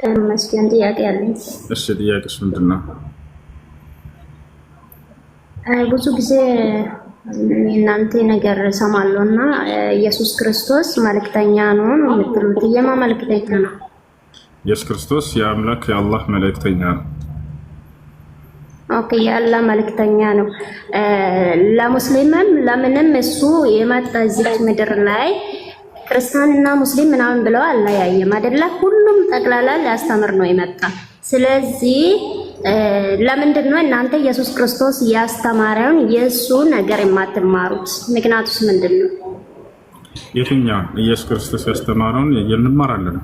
ተመስገን ጥያቄ አለኝ። እሺ ጥያቄሽ ምንድን ነው? ብዙ ጊዜ እናንተ ነገር ሰማለሁ እና ኢየሱስ ክርስቶስ መልእክተኛ ነው ነው የምትሉት። የማ መልእክተኛ ነው? ኢየሱስ ክርስቶስ የአምላክ የአላህ መልእክተኛ ነው። ኦኬ፣ የአላህ መልእክተኛ ነው። ለሙስሊምም ለምንም እሱ የመጣ እዚህ ምድር ላይ ክርስቲያንና ሙስሊም ምናምን ብለው አለያየም አይደለ? ሁሉም ጠቅላላ ሊያስተምር ነው የመጣ። ስለዚህ ለምንድን ነው እናንተ ኢየሱስ ክርስቶስ ያስተማረውን የእሱ ነገር የማትማሩት? ምክንያቱስ ምንድን ነው? ኢየሱስ ክርስቶስ ያስተማረውን እንማራለን።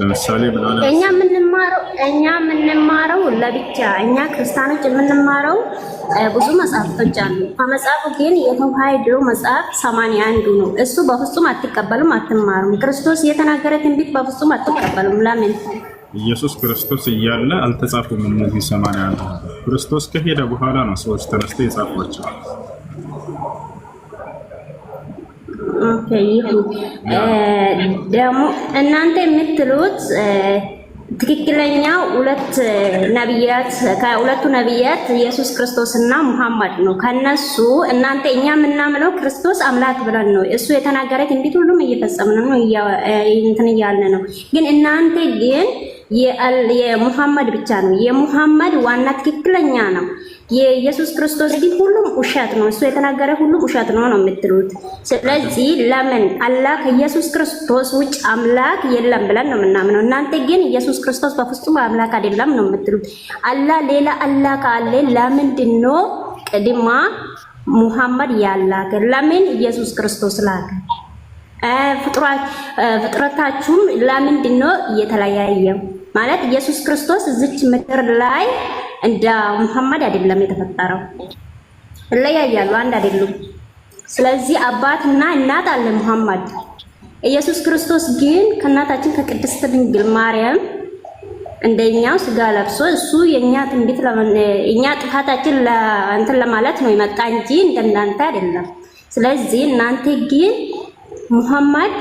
ለምሳሌ እኛ የምንማረው እኛ የምንማረው ለብቻ እኛ ክርስቲያኖች የምንማረው ብዙ መጽሐፍቶች አሉ። ከመጽሐፉ ግን የተዋሕዶ መጽሐፍ ሰማንያ አንዱ ነው። እሱ በፍጹም አትቀበሉም፣ አትማሩም። ክርስቶስ የተናገረ ትንቢት በፍጹም አትቀበሉም። ለምን? ኢየሱስ ክርስቶስ እያለ አልተጻፉም እነዚህ ሰማንያ አንዱ። ክርስቶስ ከሄደ በኋላ ነው ሰዎች ተነስተው የጻፏቸው። ኦኬ ይሁን። ደግሞ እናንተ የምትሉት ትክክለኛው ሁለት ነቢያት ከሁለቱ ነቢያት ኢየሱስ ክርስቶስና ሙሐመድ ነው። ከነሱ እናንተ እኛ የምናምነው ክርስቶስ አምላክ ብለን ነው። እሱ የተናገረ ትንቢት ሁሉም እየፈጸምን ነው፣ እንትን እያልን ነው። ግን እናንተ ግን የሙሐመድ ብቻ ነው። የሙሐመድ ዋና ትክክለኛ ነው የኢየሱስ ክርስቶስ ግን ሁሉም ውሸት ነው፣ እሱ የተናገረ ሁሉም ውሸት ነው ነው የምትሉት። ስለዚህ ለምን አላህ ከኢየሱስ ክርስቶስ ውጭ አምላክ የለም ብለን ነው የምናምነው። እናንተ ግን ኢየሱስ ክርስቶስ በፍጹም አምላክ አይደለም ነው የምትሉት። አላህ ሌላ አላህ ካለ ለምንድን ነው ቅድማ ሙሐመድ ያላከ? ለምን ኢየሱስ ክርስቶስ ላከ? ፍጥረታችሁም ለምንድን ነው እየተለያየ ማለት ኢየሱስ ክርስቶስ እዚች ምድር ላይ እንደ ሙሐመድ አይደለም የተፈጠረው። እለያያሉ፣ አንድ አይደሉም። ስለዚህ አባትና እናት አለ ሙሐመድ። ኢየሱስ ክርስቶስ ግን ከእናታችን ከቅድስት ድንግል ማርያም እንደኛው ስጋ ለብሶ እሱ የኛ ትንቢት እኛ ጥፋታችን እንትን ለማለት ነው የመጣ እንጂ እንደናንተ አይደለም። ስለዚህ እናንተ ግን ሙሐመድ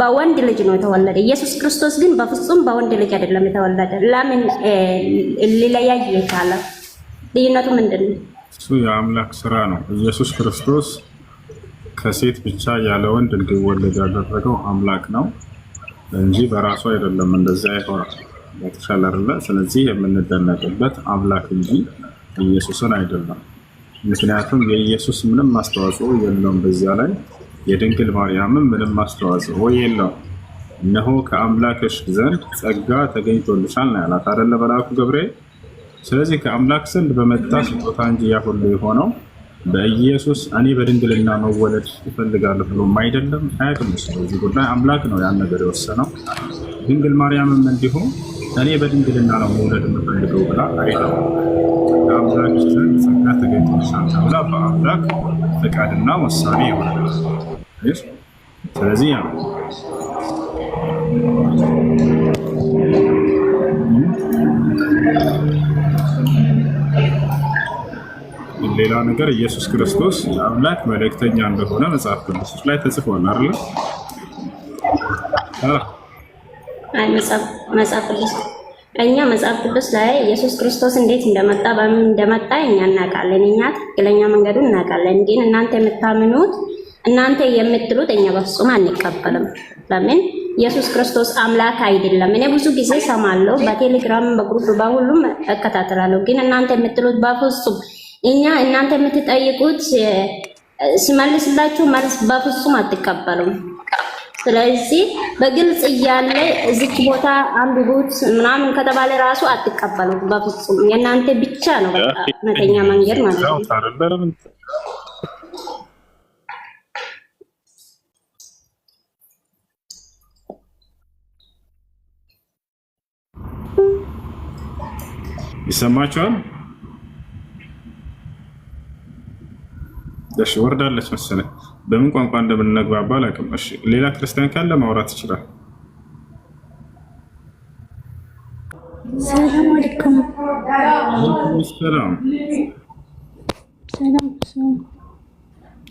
በወንድ ልጅ ነው የተወለደ። ኢየሱስ ክርስቶስ ግን በፍጹም በወንድ ልጅ አይደለም የተወለደ። ለምን ሊለያይ የቻለ? ልዩነቱ ምንድን ነው? እሱ የአምላክ ስራ ነው። ኢየሱስ ክርስቶስ ከሴት ብቻ ያለ ወንድ እንዲወለድ ያደረገው አምላክ ነው እንጂ በራሱ አይደለም። እንደዚያ ይሆናል የተሻለርለ ስለዚህ የምንደነቅበት አምላክ እንጂ ኢየሱስን አይደለም። ምክንያቱም የኢየሱስ ምንም አስተዋጽኦ የለውም በዚያ ላይ የድንግል ማርያምም ምንም አስተዋጽኦ የለው። እነሆ ከአምላክሽ ዘንድ ጸጋ ተገኝቶልሻል ነው ያላት አደለ መልአኩ ገብርኤል። ስለዚህ ከአምላክ ዘንድ በመጣ ስጦታ እንጂ ያ ሁሉ የሆነው በኢየሱስ እኔ በድንግልና መወለድ ይፈልጋለሁ ብሎም አይደለም፣ አያውቅም። ስለዚህ ጉዳይ አምላክ ነው ያን ነገር የወሰነው። ድንግል ማርያምም እንዲሁም እኔ በድንግልና ነው መውለድ የምፈልገው ብላ አይለው በአምላክሽ ዘንድ ጸጋ ተገኝቶልሻል ተብላ በአምላክ ፈቃድና ይሆናል። ስለዚህ ያ ሌላ ነገር ኢየሱስ ክርስቶስ የአምላክ መልእክተኛ እንደሆነ መጽሐፍ ላይ ተጽፏል መጽሐፍ ቅዱስ እኛ መጽሐፍ ቅዱስ ላይ ኢየሱስ ክርስቶስ እንዴት እንደመጣ በምን እንደመጣ እኛ እናውቃለን። እኛ ትክክለኛ መንገዱ እናውቃለን። ግን እናንተ የምታምኑት እናንተ የምትሉት እኛ በፍጹም አንቀበልም። ለምን? ኢየሱስ ክርስቶስ አምላክ አይደለም። እኔ ብዙ ጊዜ ሰማለሁ፣ በቴሌግራም በግሩፕ በሁሉም እከታተላለሁ። ግን እናንተ የምትሉት በፍጹም እኛ እናንተ የምትጠይቁት ሲመልስላችሁ መልስ በፍጹም አትቀበሉም። ስለዚህ በግልጽ እያለ እዚች ቦታ አንዱ ጉድ ምናምን ከተባለ ራሱ አትቀበሉ በፍጹም። የእናንተ ብቻ ነው በቃ እውነተኛ መንገድ ማለት ነው። ይሰማችኋል? እሺ ወርዳለች መሰለኝ። በምን ቋንቋ እንደምንነግባባ አላውቅም። እሺ፣ ሌላ ክርስቲያን ካለ ማውራት ይችላል። ሰላም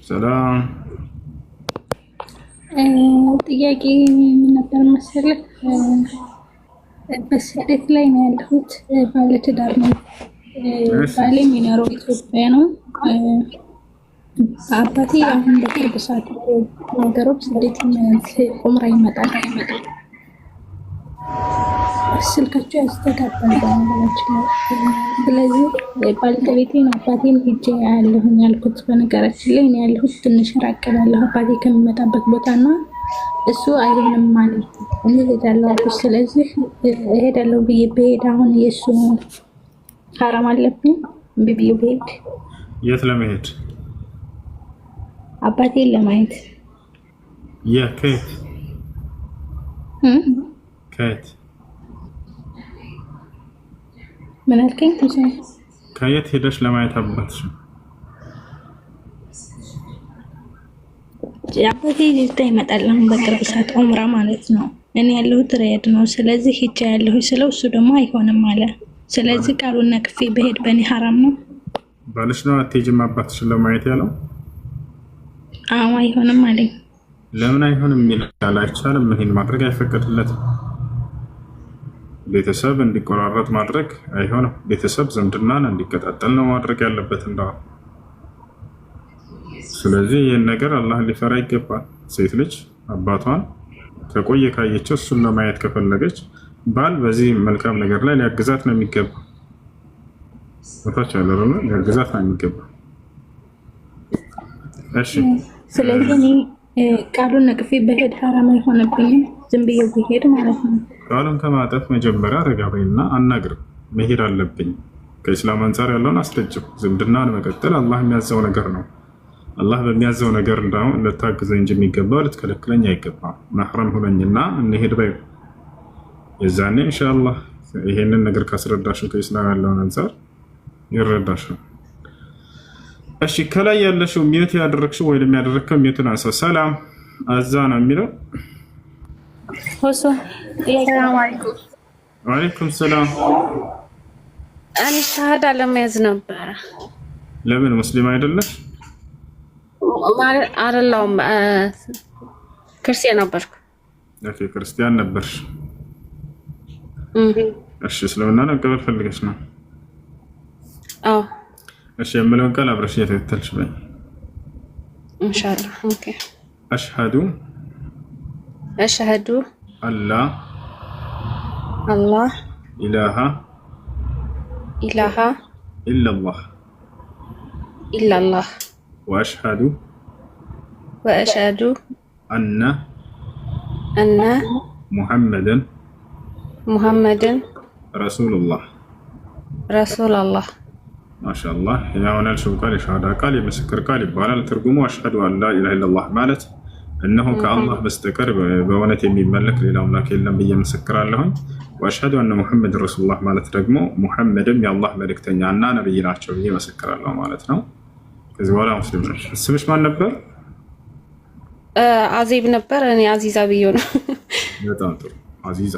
ሰላም ጥያቄ የምነበር ነበር መሰለህ? በስደት ላይ ነው ያለሁት። ባለትዳር ነው። ባሌ የሚኖረው ኢትዮጵያ ነው። አባቴ አሁን በቅርብ ሰዓት ነገሮች እንዴት ቁምራ ይመጣል ስልካቸው ያስተጋባል በነገሮች ስለዚህ ባለቤቴን አባቴን ሄጄ ያለሁኝ ያልኩት። በነገራችን ላይ እኔ ያለሁት ትንሽ ራቅ እላለሁ አባቴ ከሚመጣበት ቦታ እና እሱ አይሆንም ማለት እኔ እሄዳለሁ አልኩት። ስለዚህ እሄዳለሁ ብዬ ብሄድ አሁን የእሱ ሀረም አለብኝ ብዬ ብሄድ የት ለመሄድ አባቴን ለማየት የከት ከት ምን አልከኝ? ከየት ሄደሽ ለማየት አባትሽ? አባቴ ጅዳ ይመጣል አሁን በቅርብ ሰዓት ኡምራ ማለት ነው። እኔ ያለሁት ሪያድ ነው። ስለዚህ ሄጃ ያለሁ ስለው እሱ ደግሞ አይሆንም አለ። ስለዚህ ቃሉን ነቅፌ በሄድ በእኔ ሀራም ነው። ባለሽ ነው አትሄጂም አባትሽን ለማየት ያለው አዎ አይሆንም አለኝ። ለምን አይሆንም ይላል? አይቻልም። ይሄን ማድረግ አይፈቀድለትም። ቤተሰብ እንዲቆራረጥ ማድረግ አይሆንም። ቤተሰብ ዝምድናን እንዲቀጣጠል ነው ማድረግ ያለበት እንደው። ስለዚህ ይህን ነገር አላህ ሊፈራ ይገባል። ሴት ልጅ አባቷን ከቆየ ካየችው እሱን ለማየት ከፈለገች ባል በዚህ መልካም ነገር ላይ ሊያግዛት ነው የሚገባ ታች ያለ ሊያግዛት ነው የሚገባ። እሺ ስለዚህ እኔ ቃሉን ነቅፌ በሄድ ሀራማ የሆነብኝ ዝም ብዬ ብሄድ ማለት ነው። ቃሉን ከማጠፍ መጀመሪያ ተጋባይና አናግር፣ መሄድ አለብኝ። ከኢስላም አንጻር ያለውን አስደጅም። ዝምድናን መቀጠል አላህ የሚያዘው ነገር ነው። አላህ በሚያዘው ነገር እንዳሁ እንድታግዘኝ እንጂ የሚገባው ልትከለክለኝ አይገባም። ማህረም ሁነኝና እንሄድ ባይ የዛኔ እንሻላ ይሄንን ነገር ካስረዳሽው ከኢስላም ያለውን አንጻር ይረዳሻል። እሺ ከላይ ያለሽው ሚዩት ያደረግሽው ወይም ያደረግከው ሚዩትን አንሳ። ሰላም አዛ ነው የሚለው። ወአለይኩም ሰላም። እኔ ሻሃዳ ለመያዝ ነበረ። ለምን ሙስሊም አይደለሽ? አይደለሁም፣ ክርስቲያን ነበርኩ። ኦኬ ክርስቲያን ነበርሽ። እሺ እስልምና ነው ቀበል ፈልገሽ ነው? አዎ እሺ የምለውን ቃል አብረሽ እየተከተልሽ በይ። ኢንሻአላህ ኦኬ። አሽሃዱ አሽሃዱ አላ አላህ ኢላሃ ኢላሃ ኢላላህ ኢላላህ ወአሽሃዱ ወአሽሃዱ አነ አነ ሙሐመድን ሙሐመድን ረሱሉላህ ረሱሉላህ ማሻላ የማመናል ሰው ቃል የሻሃዳ ቃል የምስክር ቃል ይባላል። ትርጉሙ አሽሀዱ አን ላ ኢላሃ ኢለላህ ማለት እነሆ ከአላህ በስተቀር በእውነት የሚመለክ ሌላ አምላክ የለም ብዬ ምስክራለሁኝ። ወአሽሀዱ አነ ሙሐመድ ረሱሉላህ ማለት ደግሞ ሙሐመድም የአላህ መልእክተኛ እና ነብይ ናቸው ብዬ ምስክራለሁ ማለት ነው። ከዚህ በኋላ ሙስሊም ነሽ። ስምሽ ማን ነበር? አዜብ ነበር። እኔ አዚዛ ብዬ ነው። በጣም ጥሩ አዚዛ።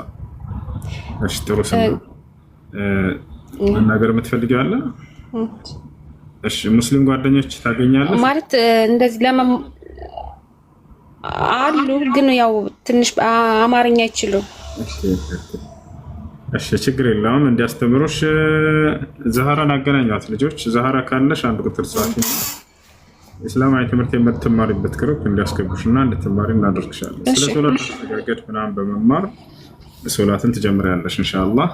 እሺ ጥሩ ስም። መናገር የምትፈልጊው አለ? እሺ ሙስሊም ጓደኞች ታገኛለህ ማለት እንደዚህ ለማ አሉ ግን ያው ትንሽ አማርኛ አይችሉ። እሺ ችግር የለውም እንዲያስተምሩሽ ዘሀራን አገናኟት ልጆች። ዘሀራ ካለሽ አንድ ቁጥር ሰዓት ኢስላማዊ ትምህርት የምትማሪበት ግሩፕ እንዲያስገቡሽ እና እንድትማሪ እናደርግሻለን። ስለ ሶላት አስተጋገድ ምናምን በመማር ሶላትን ትጀምሪያለሽ ኢንሻአላህ።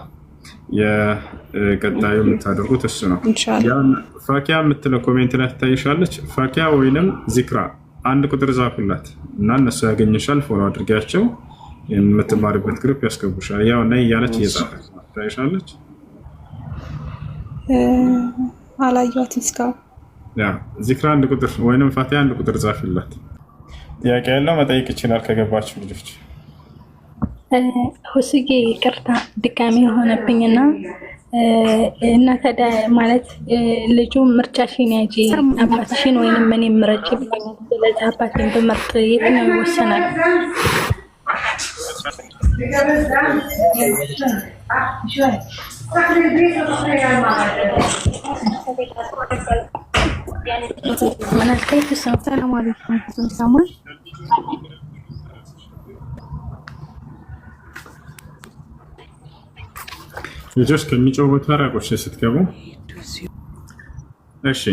የቀጣዩ የምታደርጉት እሱ ነው። ፋኪያ የምትለው ኮሜንት ላይ ትታይሻለች። ፋኪያ ወይንም ዚክራ አንድ ቁጥር ዛፉላት እና እነሱ ያገኝሻል። ፎሎ አድርጊያቸው፣ የምትማሪበት ግሩፕ ያስገቡሻል። ያው ነይ እያለች እየጻፈች ታይሻለች። አላየኋትም እስካሁን። ዚክራ አንድ ቁጥር ወይንም ፋቲያ አንድ ቁጥር ጻፊላት። ጥያቄ ያለው መጠየቅ ይችላል ከገባችሁ ልጆች ሁስጌ ቅርታ ድጋሚ የሆነብኝ እና ታዲያ ማለት ልጁ ምርጫሽን ያጂ አባትሽን ወይም ምን ምረጭ ብለሽ አባቴን ብመርጥ የትኛው ይወሰናል? ሰላም አለይኩም ልጆች ከሚጮሁበት መራቆች ስትገቡ፣ እሺ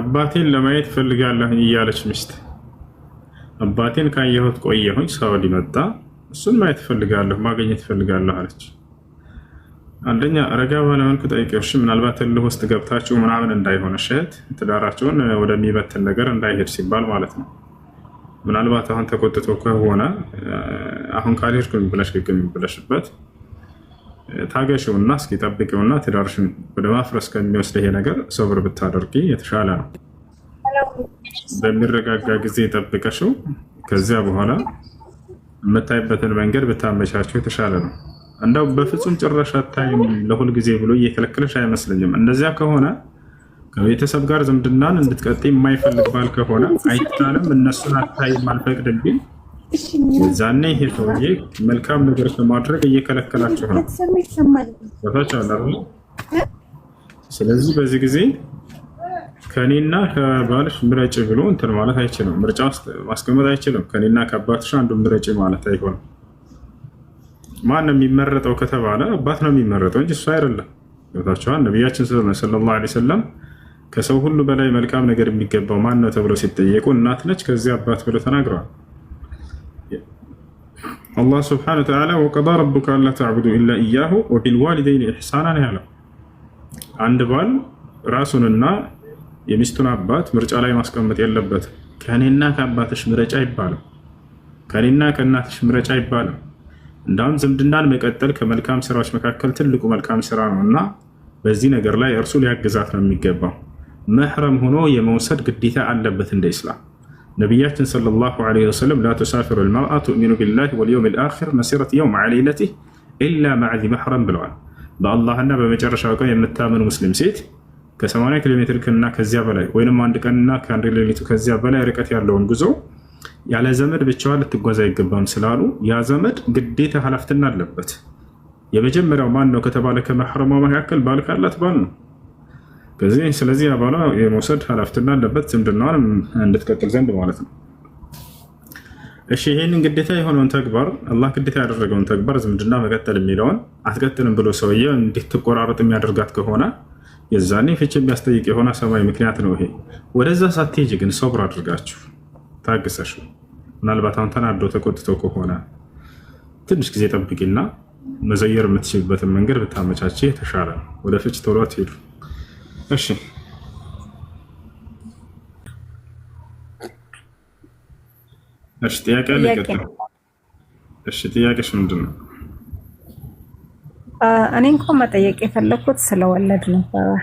አባቴን ለማየት ፈልጋለሁ እያለች ሚስት አባቴን ካየሁት ቆየሁኝ፣ ሰው ሊመጣ እሱን ማየት ፈልጋለሁ ማግኘት ፈልጋለሁ አለች። አንደኛ ረጋ ባለ መልኩ ምናልባት እልህ ውስጥ ገብታችሁ ምናምን እንዳይሆነ እህት ትዳራችሁን ወደሚበትን ነገር እንዳይሄድ ሲባል ማለት ነው። ምናልባት አሁን ተቆጥቶ ከሆነ አሁን ካልሄድኩም ብለሽ ግግ የሚብለሽበት ታገሽውና እስኪጠብቂውና ትዳርሽን ወደ ማፍረስ ከሚወስድ ይሄ ነገር ሰብር ብታደርጊ የተሻለ ነው። በሚረጋጋ ጊዜ ጠብቀሽው ከዚያ በኋላ የምታይበትን መንገድ ብታመቻቸው የተሻለ ነው። እንደው በፍጹም ጭራሽ አታይም ለሁል ጊዜ ብሎ እየከለከለሽ አይመስለኝም። እንደዚያ ከሆነ ከቤተሰብ ጋር ዝምድናን እንድትቀጥ የማይፈልግ ባል ከሆነ አይቻልም እነሱን አታይም አልፈቅድም ቢል የዛኔ ይሄ ሰውዬ መልካም ነገር ከማድረግ እየከለከላቸው ነው። ስለዚህ በዚህ ጊዜ ከኔና ከባልሽ ምረጭ ብሎ እንትን ማለት አይችልም። ምርጫ ውስጥ ማስቀመጥ አይችልም። ከኔና ከአባትሽ አንዱ ምረጭ ማለት አይሆንም። ማን ነው የሚመረጠው ከተባለ አባት ነው የሚመረጠው እንጂ እሱ አይደለም። ታችኋን ነቢያችን ሰለላሁ ዐለይሂ ወሰለም ከሰው ሁሉ በላይ መልካም ነገር የሚገባው ማን ነው ተብለው ሲጠየቁ እናት ነች፣ ከዚያ አባት ብለው ተናግረዋል። አላህ ስብሐነ ወተዓላ ወቀዳ ረቡከ አላ ተዕቡዱ ኢላ እያሁ ወቢልዋሊደይን ኢሕሳና ነው ያለው። አንድ ባል ራሱንና የሚስቱን አባት ምርጫ ላይ ማስቀመጥ የለበትም። ከእኔና ከአባትሽ ምረጫ አይባልም። ከእኔና ከእናትሽ ምረጫ አይባልም። እንዳውም ዝምድናን መቀጠል ከመልካም ስራዎች መካከል ትልቁ መልካም ስራ ነው እና በዚህ ነገር ላይ እርሱ ሊያግዛት ነው የሚገባው። መሕረም ሆኖ የመውሰድ ግዴታ አለበት እንደ ኢስላም ነቢያችን ሰለላሁ ዐለይሂ ወሰለም ላ ቱሳፊሩ ልመርአ ቱእሚኑ ቢላህ ወልየውም ልአኪር መሲረት የውም ዐላ ለይለቲህ ኢላ መዕ ዚ መሕረም ብለዋል። በአላህና በመጨረሻው ቀን የምታምን ሙስሊም ሴት ከ80 ኪሎ ሜትር እና ከዚያ በላይ ወይም አንድ ቀንና ከአንድ ሌሊቱ ከዚያ በላይ ርቀት ያለውን ጉዞ ያለ ዘመድ ብቻዋን ልትጓዝ አይገባም ስላሉ ያ ዘመድ ግዴታ ኃላፊነት አለበት። የመጀመሪያው ማን ነው ከተባለ ከመሕረሟ መካከል ባል ካላት ባል ነው። በዚህ ስለዚህ አባሏ የመውሰድ ኃላፊነት አለበት፣ ዝምድናዋን እንድትቀጥል ዘንድ ማለት ነው። እሺ ይህንን ግዴታ የሆነውን ተግባር አላህ ግዴታ ያደረገውን ተግባር ዝምድና መቀጠል የሚለውን አትቀጥልም ብሎ ሰውየው እንድትቆራረጥ የሚያደርጋት ከሆነ የዛኔ ፍች የሚያስጠይቅ የሆነ ሰማይ ምክንያት ነው ይሄ። ወደዛ ሳትሄጅ ግን ሰብር አድርጋችሁ ታግሰሽ፣ ምናልባት አሁን ተናዶ ተቆጥቶ ከሆነ ትንሽ ጊዜ ጠብቂና መዘየር የምትችልበትን መንገድ ብታመቻች የተሻለ ነው። ወደ ፍች ቶሎ አትሄዱ። እሺ እሺ ጥያቄ አለ። እሺ ጥያቄሽ ምንድን ነው? እኔ እንኳን መጠየቅ የፈለኩት ስለወለድ ነበረ።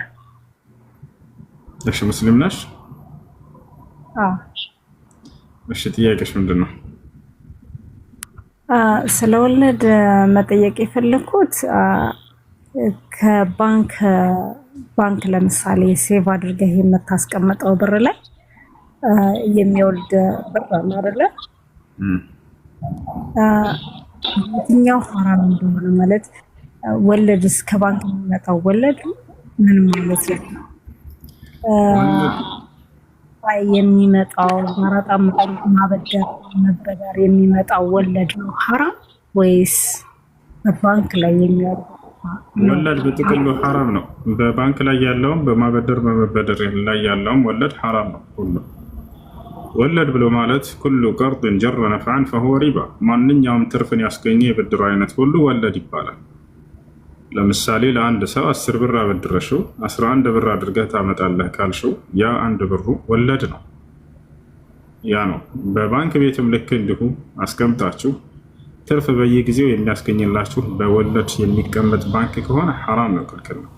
እሺ ሙስሊም ነሽ? እሺ ጥያቄሽ ምንድን ነው? ስለወለድ መጠየቅ የፈለኩት ከባንክ ባንክ ለምሳሌ ሴቭ አድርገህ የምታስቀምጠው ብር ላይ የሚወልድ ብር አይደለ? የትኛው ሀራም እንደሆነ ማለት ወለድስ ከባንክ የሚመጣው ወለድ ምን ማለት ነው? የሚመጣው ማራጣ ማበደር መበደር የሚመጣው ወለድ ነው ሀራም ወይስ በባንክ ላይ የሚወርድ ወለድ በጥቅሉ ሐራም ነው። በባንክ ላይ ያለውም በማበደር በመበደር ላይ ያለውም ወለድ ሐራም ነው። ሁሉ ወለድ ብሎ ማለት ኩሉ ቀርጥን ጀረ ነፍዓን ፈሁወ ሪባ፣ ማንኛውም ትርፍን ያስገኘ የብድሩ አይነት ሁሉ ወለድ ይባላል። ለምሳሌ ለአንድ ሰው አስር ብር አበድረሽው አስራ አንድ ብር አድርገህ ታመጣለህ ካልሽው ያ አንድ ብሩ ወለድ ነው። ያ ነው። በባንክ ቤትም ልክ እንዲሁ አስቀምጣችሁ ትርፍ በየጊዜው የሚያስገኝላችሁ በወለድ የሚቀመጥ ባንክ ከሆነ ሐራም ነው፣ ክልክል ነው፣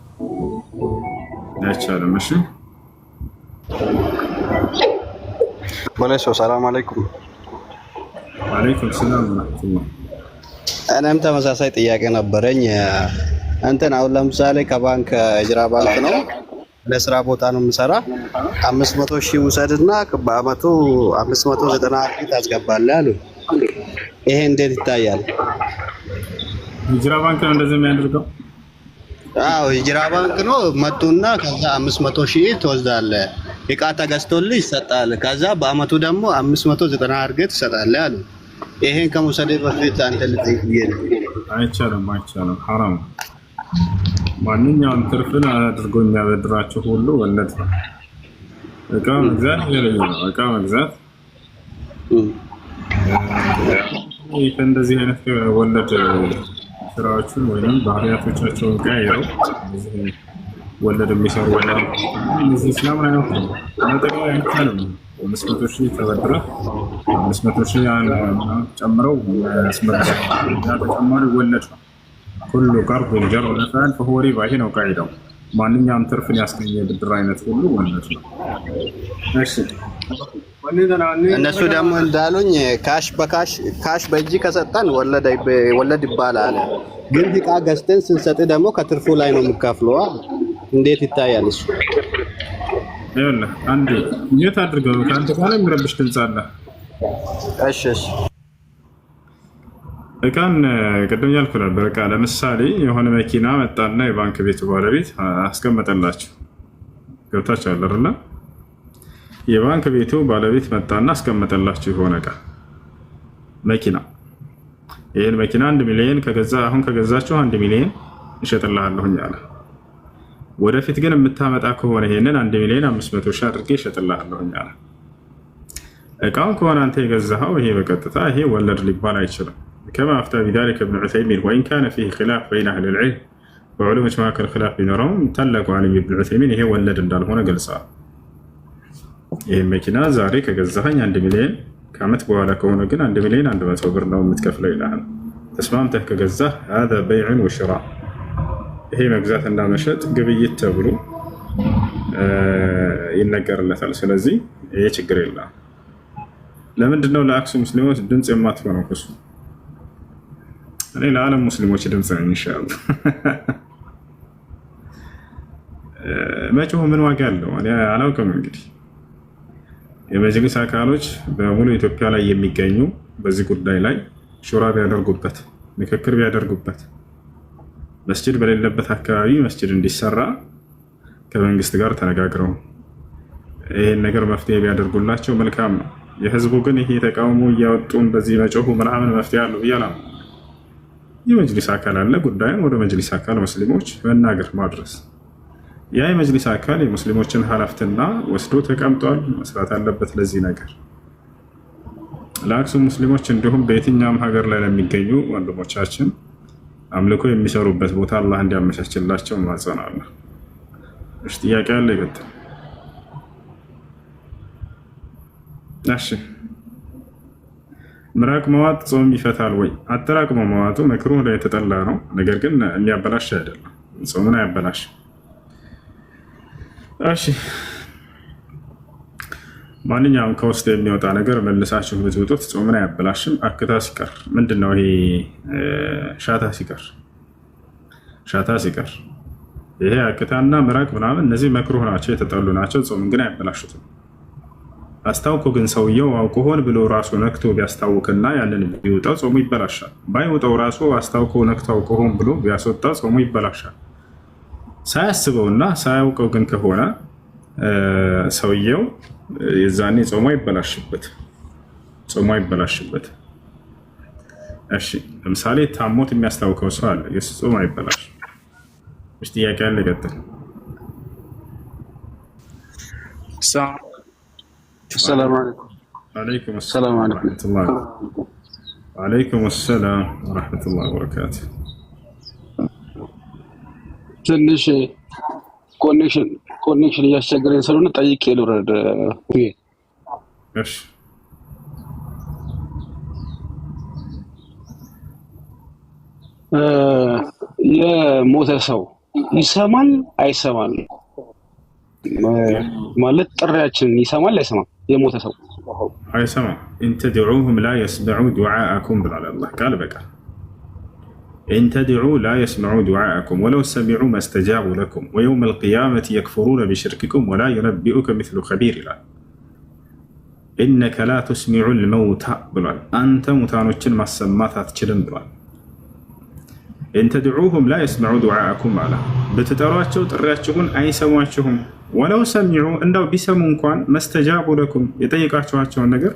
አይቻልም። እሺ ሰው ሰላም አለይኩም። አለይኩም ሰላም። እኔም ተመሳሳይ ጥያቄ ነበረኝ። እንትን አሁን ለምሳሌ ከባንክ እጅራ ባንክ ነው ለስራ ቦታ ነው የምሰራ። አምስት መቶ ሺህ ውሰድና በአመቱ አምስት መቶ ዘጠና ታስገባለህ አሉ ይሄ እንዴት ይታያል? ሂጅራ ባንክ ነው እንደዚህ የሚያደርገው። አዎ ሂጅራ ባንክ ነው። መጡና ከዛ 500 ሺህ ትወስዳለህ። እቃ ተገዝቶልህ ይሰጣል። ከዛ በአመቱ ደግሞ 590 አድርገህ ትሰጣለህ አሉ። ይሄን ከመውሰዴ በፊት አንተ ልትይ ነው። አይቻልም፣ አይቻልም፣ ሐራም። ማንኛውም ትርፍን አድርጎ የሚያበድራቸው ሁሉ ወለድ ነው። እቃ መግዛት ይለኛል፣ ነው። እቃ መግዛት ከእንደዚህ አይነት ወለድ ስራዎችን ወይም ባህሪያቶቻቸውን ቀያየረው ወለድ የሚሰሩ እነዚህ ስለምን አይነት ነው መጠቀም አይቻልም። አምስት መቶ ሺህ ተበድረ አምስት መቶ ሺህ ጨምረው ተጨማሪ ወለድ ነው። ሁሉ ቀር ጀር ለፈል ፈሆሪ ባሄ ነው ቃይዳው። ማንኛውም ትርፍን ያስገኘ ብድር አይነት ሁሉ ወለድ ነው። እሺ እነሱ ደግሞ እንዳሉኝ ካሽ በካሽ ካሽ በእጅ ከሰጠን ወለድ ይባላል፣ ግን እቃ ገዝተን ስንሰጥ ደግሞ ከትርፉ ላይ ነው የሚካፍለው። እንዴት ይታያል እሱ? ይኸውልህ አንዴ ምን አድርገው። ካንተ በኋላ የሚረብሽ ድምፅ አለ። እሺ፣ እሺ። እቃን ቅድም ያልኩ ነበር። እቃ ለምሳሌ የሆነ መኪና መጣና የባንክ ቤቱ ባለቤት አስቀመጠላችሁ። ገብታችኋል አይደለም? የባንክ ቤቱ ባለቤት መጣና አስቀመጠላችሁ የሆነ እቃ መኪና ይህን መኪና አንድ ሚሊዮን ከገዛ አሁን ከገዛችሁ አንድ ሚሊዮን እሸጥልሃለሁኝ አለ። ወደፊት ግን የምታመጣ ከሆነ ይሄንን አንድ ሚሊዮን አምስት መቶ ሺህ አድርጌ እሸጥልሃለሁኝ አለ። እቃውን ከሆነ አንተ የገዛኸው ይሄ በቀጥታ ይሄ ወለድ ሊባል አይችልም። ከማ አፍታ ቢዛሊከ ብን ዑሰይሚን ወይን ካነ ፊህ ኪላፍ በይነ አህሊል ዒልም በዑለሞች መካከል ኪላፍ ቢኖረውም ታላቁ ዓሊም ብን ዑሰይሚን ይሄ ወለድ እንዳልሆነ ገልጸዋል። ይህ መኪና ዛሬ ከገዛኸኝ አንድ ሚሊዮን ከዓመት በኋላ ከሆነ ግን አንድ ሚሊዮን አንድ መቶ ብር ነው የምትከፍለው ይልሃል። ተስማምተህ ከገዛህ ሀዛ በይዕን ወሽራ ይሄ መግዛት እና መሸጥ ግብይት ተብሎ ይነገርለታል። ስለዚህ ይሄ ችግር የለም። ለምንድነው ለአክሱ ሙስሊሞች ድምፅ የማትሆነው? ክሱ እኔ ለዓለም ሙስሊሞች ድምፅ ነኝ። ይሻል መቼ ምን ዋጋ አለው? አላውቅም እንግዲህ የመጅሊስ አካሎች በሙሉ ኢትዮጵያ ላይ የሚገኙ በዚህ ጉዳይ ላይ ሹራ ቢያደርጉበት፣ ምክክር ቢያደርጉበት፣ መስጅድ በሌለበት አካባቢ መስጅድ እንዲሰራ ከመንግስት ጋር ተነጋግረው ይህን ነገር መፍትሄ ቢያደርጉላቸው መልካም ነው። የህዝቡ ግን ይሄ ተቃውሞ እያወጡን በዚህ መጮሁ ምናምን መፍትሄ አለው እያላ የመጅሊስ አካል አለ። ጉዳዩን ወደ መጅሊስ አካል ሙስሊሞች መናገር ማድረስ ያ የመጅሊስ አካል የሙስሊሞችን ሀላፍትና ወስዶ ተቀምጧል፣ መስራት አለበት። ለዚህ ነገር ለአክሱም ሙስሊሞች እንዲሁም በየትኛውም ሀገር ላይ ለሚገኙ ወንድሞቻችን አምልኮ የሚሰሩበት ቦታ አላህ እንዲያመቻችላቸው ማጸናለ። እሺ፣ ጥያቄ አለ? ይበትል። እሺ፣ ምራቅ መዋጥ ጾም ይፈታል ወይ? አጠራቅሞ መዋጡ መክሩህ ላይ የተጠላ ነው። ነገር ግን የሚያበላሽ አይደለም፣ ጾምን አያበላሽም። እሺ ማንኛውም ከውስጥ የሚወጣ ነገር መልሳችሁ ብትውጡት ጾምን አያበላሽም። አክታ ሲቀር ምንድን ነው ይሄ? ሻታ ሲቀር ሻታ ሲቀር ይሄ አክታና ምራቅ ምናምን እነዚህ መክሩህ ናቸው፣ የተጠሉ ናቸው። ጾምን ግን አያበላሹትም። አስታውቆ ግን ሰውየው አውቆ ሆን ብሎ ራሱ ነክቶ ቢያስታውቅና ያንን ቢወጣው ጾሙ ይበላሻል። ባይወጣው ራሱ አስታውቆ ነክቶ አውቆ ሆን ብሎ ቢያስወጣ ጾሙ ይበላሻል። ሳያስበውና ሳያውቀው ግን ከሆነ ሰውየው የዛኔ ጾሞ ይበላሽበት ጾሞ ይበላሽበት። እሺ ለምሳሌ ታሞት የሚያስታውቀው ሰው አለ። የሱ ጾሞ ይበላሽ። እሺ ጥያቄ አለ? ይቀጥል። ሰላም አለይኩም። ሰላም ወረሕመቱላህ ወበረካቱህ ትንሽ ኮኔክሽን ኮኔክሽን እያስቸገረኝ ስለሆነ ጠይቄ ልውረድ። የሞተ ሰው ይሰማል አይሰማል? ማለት ጥሪያችን ይሰማል አይሰማም? የሞተ ሰው አይሰማም። ድዑሁም ላ የስመዑ ዱዓአኩም ብሏል አላህ ቃል በቃል እንተድዑ ተድዑ ላ የስመዑ ዱዓአኩም ወለው ሰሚዑ መስተጃቡ ለኩም ወየውም አልቅያመት የክፍሩነ ቢሽርክኩም ወላ ዩነቢኡከ ምስሉ ከቢር ይላል። ኢነከ ላ ቱስሚዑ ልመውታ ብሏል። አንተ ሙታኖችን ማሰማት አትችልም ብሏል። ኢን ተድዑሁም ላ የስመዑ ዱዓአኩም አለ። ብትጠሯቸው ጥሪያችሁን አይሰሟችሁም። ወለው ሰሚዑ እንዳው ቢሰሙ እንኳን መስተጃቡ ለኩም የጠየቃችኋቸውን ነገር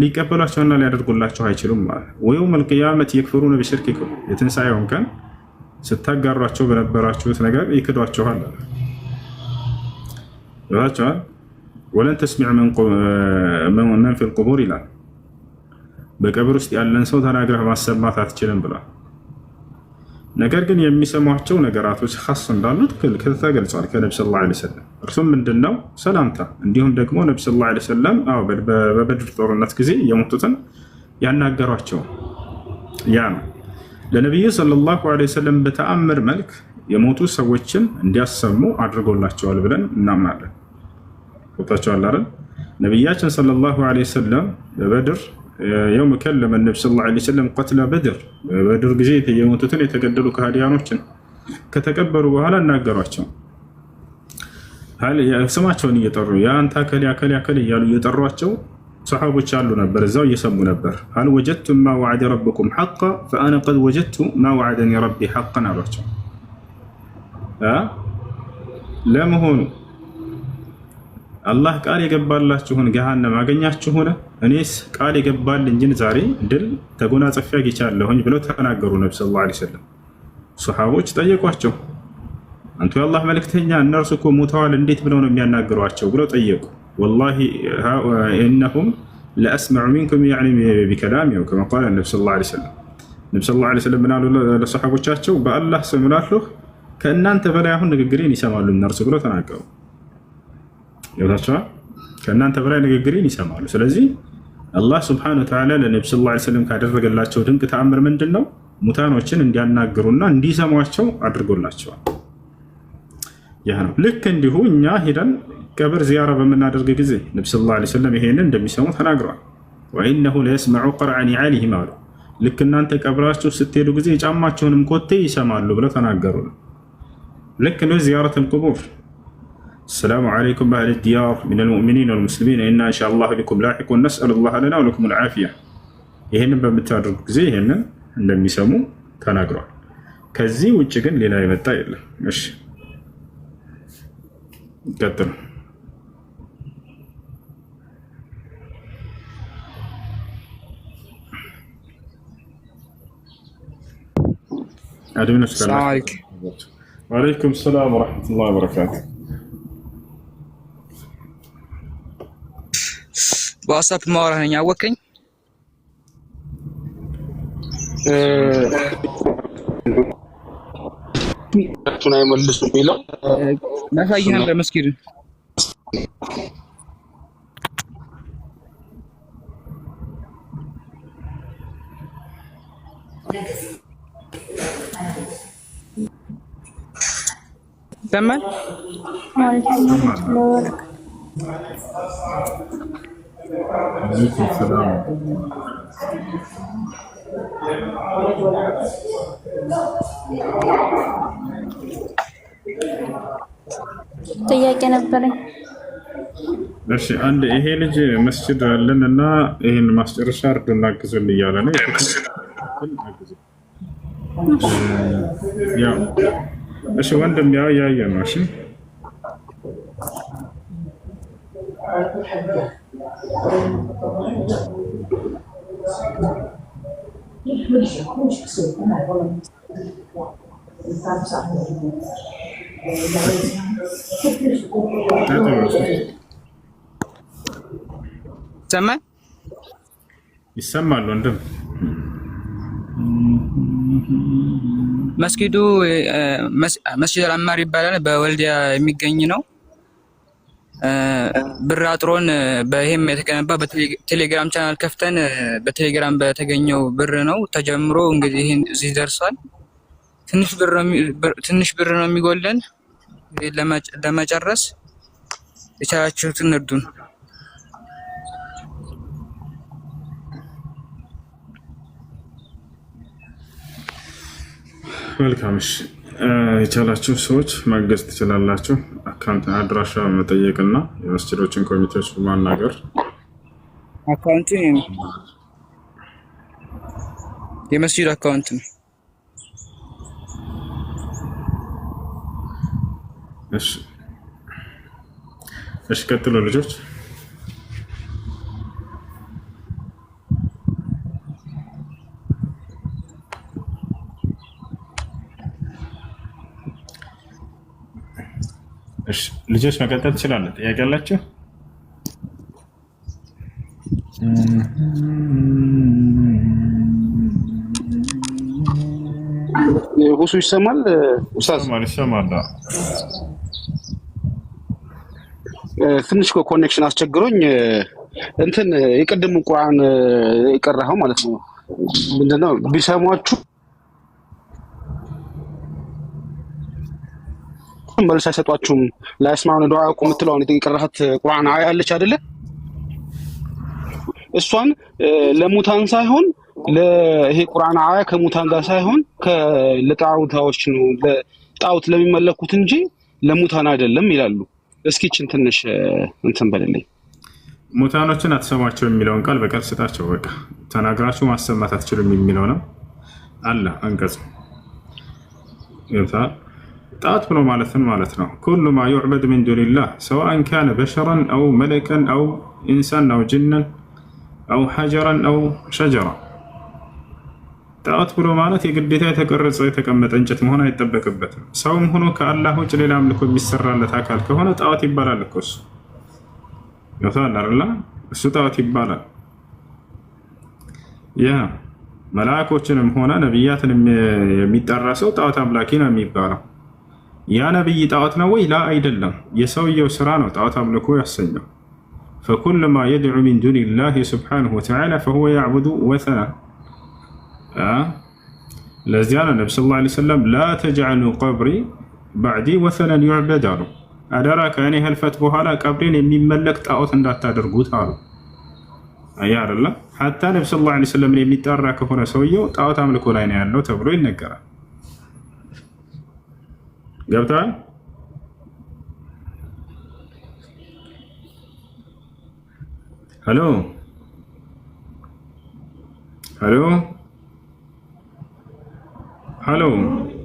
ሊቀበሏቸውና ሊያደርጉላቸው አይችሉም ማለት ነው። ወየውም አልቅያመት የክፍሩነ ይክሩ የትንሳኤውን ቀን ስታጋሯቸው በነበራችሁት ነገር ይክዷችኋል ቸዋል ወለን ተስሚዕ መን ፊል ቁቡር ይላል። በቀብር ውስጥ ያለን ሰው ተናግረህ ማሰማት አትችልም ብሏል። ነገር ግን የሚሰሟቸው ነገራቶች ሀስ እንዳሉት ተገልጿል ከነብ ስ ላ ሰለም እርሱም ምንድን ነው ሰላምታ እንዲሁም ደግሞ ነብ ስ ላ ሰለም በበድር ጦርነት ጊዜ የሞቱትን ያናገሯቸው ያ ነው ለነቢዩ ሰለላሁ ዐለይሂ ወሰለም በተአምር መልክ የሞቱ ሰዎችን እንዲያሰሙ አድርጎላቸዋል ብለን እናምናለን ቦታቸዋል ነቢያችን ሰለላሁ ዐለይሂ ወሰለም በበድር የውም ከለመ ነቢ ሰለላሁ ዐለይሂ ወሰለም ቀትለ በድር በድር ጊዜ የሞቱትን የተገደሉ ከሃዲያኖችን ከተቀበሩ በኋላ እናገሯቸው። ስማቸውን እየጠሩ የአንተ አከል ያከል ያከል እያሉ እየጠሯቸው ሰሓቦች አሉ ነበር፣ እዛው እየሰሙ ነበር። ሀል ወጀድቱም ማ ወዐደ ረብኩም ሐቃ ፈአነ ቀድ ወጀድቱ ማ ወዐደኒ ረቢ ሐቃን አሏቸው። ለመሆኑ አላህ ቃል የገባላችሁን ገሃነም አገኛችሁ ሆነ እኔስ ቃል የገባልኝን ዛሬ ድል ተጎናጸፊ አግኝቻለሁኝ ብለው ተናገሩ። ነቢ ስ ላ ሰለም ሰሓቦች ጠየቋቸው። አንቱ የአላህ መልክተኛ እነርሱ እኮ ሞተዋል፣ እንዴት ብለው ነው የሚያናግሯቸው ብለው ጠየቁ። ወላሂ እነሁም ለአስመዑ ሚንኩም ቢከላም ው ከማ ቃለ ነቢ ስ ላ ሰለም ነቢ ስ ላ ሰለም ምናሉ ለሰሓቦቻቸው በአላህ ስም እላለሁ ከእናንተ በላይ አሁን ንግግሬን ይሰማሉ እነርሱ ብለው ተናገሩ። ይወታቸዋል ከእናንተ በላይ ንግግሬን ይሰማሉ። ስለዚህ አላህ ስብሐነሁ ወተዓላ ለነቢ ስ ላ ስለም ካደረገላቸው ድንቅ ተአምር ምንድን ነው? ሙታኖችን እንዲያናግሩና እንዲሰሟቸው አድርጎላቸዋል። ይህ ነው። ልክ እንዲሁ እኛ ሄደን ቀብር ዚያራ በምናደርግ ጊዜ ነቢ ስ ላ ስለም ይሄንን እንደሚሰሙ ተናግረዋል። ወኢነሁ ለየስመዑ ቀርዐን ዓሊህም አሉ። ልክ እናንተ ቀብራችሁ ስትሄዱ ጊዜ የጫማችሁንም ኮቴ ይሰማሉ ብለው ተናገሩ። ልክ ነው ዚያረተል ቁቡር السلام عليكم أهل الديار من المؤمنين والمسلمين إنا إن شاء الله لكم لاحق نسأل الله لنا ولكم العافية إهن بمتار زي هن عندما يسمو تناقر كزي وجهن للا يمتا إلا مش قطر السلام عليكم وعليكم السلام ورحمة الله وبركاته وأصاب مورهن ያወቀኝ እሱን አይመልሱ የሚለው ላሳይህን ለመስጊድ ይሰማል። ጥያቄ ነበረኝ። እሺ አንድ ይሄ ልጅ መስጅድ አለን እና ይህን ማስጨረሻ እርዱና አግዙን እያለ ነው። እሺ ወንድም ያው ያየ ነው። እሺ ይሰማል ይሰማል። ወንድም መስጊዱ መስጂድ አማር ይባላል። በወልዲያ የሚገኝ ነው። ብር አጥሮን በይህም የተገነባ በቴሌግራም ቻናል ከፍተን በቴሌግራም በተገኘው ብር ነው ተጀምሮ እንግዲህ እዚህ ደርሷል። ትንሽ ብር ነው የሚጎለን ለመጨረስ። የቻላችሁትን እርዱን። መልካምሽ የቻላችሁ ሰዎች ማገዝ ትችላላችሁ። አካውንት አድራሻ እና የመስጅዶችን ኮሚቴዎች በማናገር አካውንቱ የመስጅድ አካውንት ነው። እሺ ቀጥሎ ልጆች ልጆች መቀጠል ትችላለህ። ጥያቄ አላችሁ? ሁሱ ይሰማል? ይሰማል? ትንሽ ኮኔክሽን አስቸግሮኝ እንትን የቅድም ቁርአን የቀራኸው ማለት ነው ምንድነው ቢሰሟችሁ ምክንያቱም መልስ አይሰጧችሁም። ላይስማዑን ዱዓ ቁ የምትለውን የቀራሃት ቁርአን አያ አለች አይደለ? እሷን ለሙታን ሳይሆን ይሄ ቁርአን አያ ከሙታን ጋር ሳይሆን ለጣውታዎች ነው ጣዖት ለሚመለኩት እንጂ ለሙታን አይደለም ይላሉ። እስኪችን ትንሽ እንትን በልልኝ። ሙታኖችን አትሰሟቸው የሚለውን ቃል በቃል ስጣቸው። በቃ ተናግራችሁ ማሰማት አትችሉም የሚለው ነው አለ አንቀጽ ጣት ብሎ ማለትን ማለት ነው። ኩሉ ማ ዩዕበድ ምን ዱንላህ ሰዋአን ካነ በሸረን አው መለከን አው ኢንሳን አው ጅነን አው ሐጀረን አው ሸጀራ። ጣዖት ብሎ ማለት የግዴታ የተቀረጸ የተቀመጠ እንጨት መሆን አይጠበቅበትም። ሰውም ሆኖ ከአላህ ውጭ ሌላ አምልኮ የሚሰራለት አካል ከሆነ ጣዖት ይባላል እኮ እሱ ይወታል አይደል? እሱ ጣዖት ይባላል። ያ መላእኮችንም ሆነ ነቢያትን የሚጠራ ሰው ጣዖት አምላኪ ነው የሚባለው። ያ ነቢይ ጣዖት ነው ወይ? ላ አይደለም፣ የሰውየው ስራ ነው ጣዖት አምልኮ ያሰኘው። ፈኩል ማ የድዑ ሚን ዱን ላህ ስብሓነሁ ወተዓላ ፈሁወ ያዕቡዱ ወተና። ለዚያ ነው ነቢ ስለ ላ ሰለም ላ ተጅዓሉ ቀብሪ ባዕዲ ወተናን ዩዕበድ አሉ። አደራ ከእኔ ህልፈት በኋላ ቀብሬን የሚመለክ ጣዖት እንዳታደርጉት አሉ። አያ አደለም። ሐታ ነቢ ስለ ላ ሰለምን የሚጠራ ከሆነ ሰውየው ጣዖት አምልኮ ላይ ነው ያለው ተብሎ ይነገራል። ገብተዋል። ሄሎ ሄሎ ሄሎ